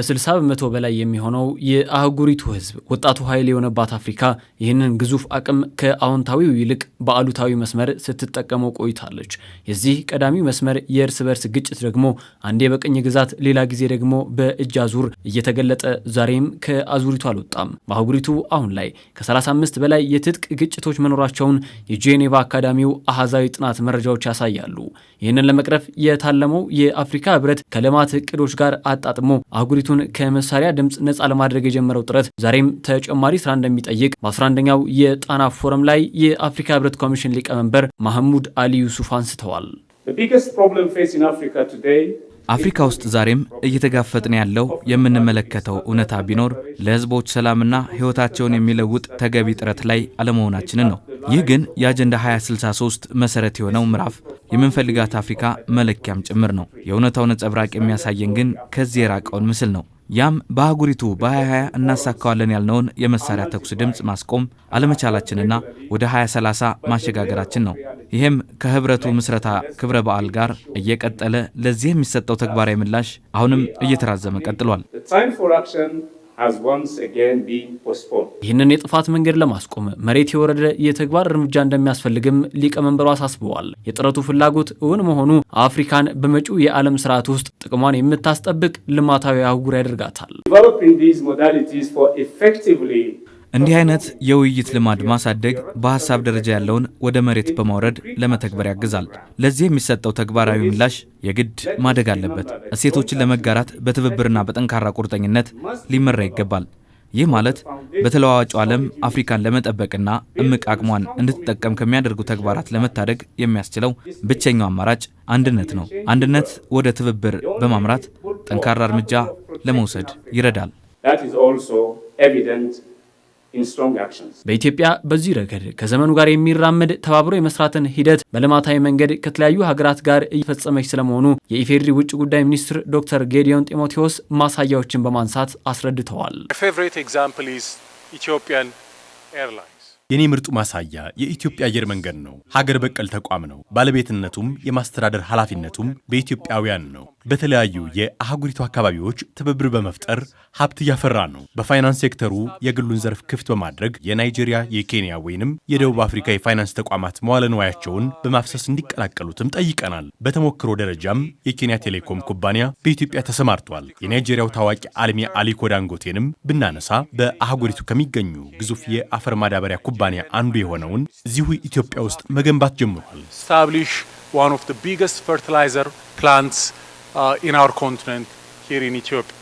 ከ60 በመቶ በላይ የሚሆነው የአህጉሪቱ ህዝብ ወጣቱ ኃይል የሆነባት አፍሪካ ይህንን ግዙፍ አቅም ከአዎንታዊው ይልቅ በአሉታዊ መስመር ስትጠቀመው ቆይታለች። የዚህ ቀዳሚ መስመር የእርስ በርስ ግጭት ደግሞ አንዴ በቅኝ ግዛት፣ ሌላ ጊዜ ደግሞ በእጅ አዙር እየተገለጠ ዛሬም ከአዙሪቱ አልወጣም። በአህጉሪቱ አሁን ላይ ከ35 በላይ የትጥቅ ግጭቶች መኖራቸውን የጄኔቫ አካዳሚው አሃዛዊ ጥናት መረጃዎች ያሳያሉ። ይህንን ለመቅረፍ የታለመው የአፍሪካ ህብረት ከልማት እቅዶች ጋር አጣጥሞ አህጉሪቱ ሀገሪቱን ከመሳሪያ ድምፅ ነፃ ለማድረግ የጀመረው ጥረት ዛሬም ተጨማሪ ስራ እንደሚጠይቅ በ11ኛው የጣና ፎረም ላይ የአፍሪካ ህብረት ኮሚሽን ሊቀመንበር ማህሙድ አሊ ዩሱፍ አንስተዋል። አፍሪካ ውስጥ ዛሬም እየተጋፈጥን ያለው የምንመለከተው እውነታ ቢኖር ለህዝቦች ሰላምና ሕይወታቸውን የሚለውጥ ተገቢ ጥረት ላይ አለመሆናችንን ነው። ይህ ግን የአጀንዳ 2063 መሰረት የሆነው ምዕራፍ የምንፈልጋት አፍሪካ መለኪያም ጭምር ነው። የእውነታው ነጸብራቅ የሚያሳየን ግን ከዚህ የራቀውን ምስል ነው። ያም በአህጉሪቱ በ2020 እናሳካዋለን ያልነውን የመሳሪያ ተኩስ ድምፅ ማስቆም አለመቻላችንና ወደ 2030 ማሸጋገራችን ነው። ይህም ከህብረቱ ምስረታ ክብረ በዓል ጋር እየቀጠለ ለዚህ የሚሰጠው ተግባራዊ ምላሽ አሁንም እየተራዘመ ቀጥሏል። ይህንን የጥፋት መንገድ ለማስቆም መሬት የወረደ የተግባር እርምጃ እንደሚያስፈልግም ሊቀመንበሩ አሳስበዋል። የጥረቱ ፍላጎት እውን መሆኑ አፍሪካን በመጪው የዓለም ስርዓት ውስጥ ጥቅሟን የምታስጠብቅ ልማታዊ አህጉር ያደርጋታል። እንዲህ አይነት የውይይት ልማድ ማሳደግ በሀሳብ ደረጃ ያለውን ወደ መሬት በማውረድ ለመተግበር ያግዛል። ለዚህ የሚሰጠው ተግባራዊ ምላሽ የግድ ማደግ አለበት። እሴቶችን ለመጋራት በትብብርና በጠንካራ ቁርጠኝነት ሊመራ ይገባል። ይህ ማለት በተለዋዋጩ ዓለም አፍሪካን ለመጠበቅና እምቅ አቅሟን እንድትጠቀም ከሚያደርጉ ተግባራት ለመታደግ የሚያስችለው ብቸኛው አማራጭ አንድነት ነው። አንድነት ወደ ትብብር በማምራት ጠንካራ እርምጃ ለመውሰድ ይረዳል። በኢትዮጵያ በዚህ ረገድ ከዘመኑ ጋር የሚራመድ ተባብሮ የመስራትን ሂደት በልማታዊ መንገድ ከተለያዩ ሀገራት ጋር እየፈጸመች ስለመሆኑ የኢፌዴሪ ውጭ ጉዳይ ሚኒስትር ዶክተር ጌዲዮን ጢሞቴዎስ ማሳያዎችን በማንሳት አስረድተዋል። የኔ ምርጡ ማሳያ የኢትዮጵያ አየር መንገድ ነው። ሀገር በቀል ተቋም ነው። ባለቤትነቱም የማስተዳደር ኃላፊነቱም በኢትዮጵያውያን ነው። በተለያዩ የአህጉሪቱ አካባቢዎች ትብብር በመፍጠር ሀብት እያፈራ ነው። በፋይናንስ ሴክተሩ የግሉን ዘርፍ ክፍት በማድረግ የናይጄሪያ፣ የኬንያ ወይንም የደቡብ አፍሪካ የፋይናንስ ተቋማት መዋለ ንዋያቸውን በማፍሰስ እንዲቀላቀሉትም ጠይቀናል። በተሞክሮ ደረጃም የኬንያ ቴሌኮም ኩባንያ በኢትዮጵያ ተሰማርቷል። የናይጄሪያው ታዋቂ አልሚ አሊኮ ዳንጎቴንም ብናነሳ በአህጉሪቱ ከሚገኙ ግዙፍ የአፈር ማዳበሪያ ኩባ ኩባንያ አንዱ የሆነውን እዚሁ ኢትዮጵያ ውስጥ መገንባት ጀምሯል። ስታብሊሽ ዋን ኦፍ ቢገስት ፈርቲላይዘር ፕላንትስ ኢን አወር ኮንቲነንት ሂር ኢን ኢትዮጵያ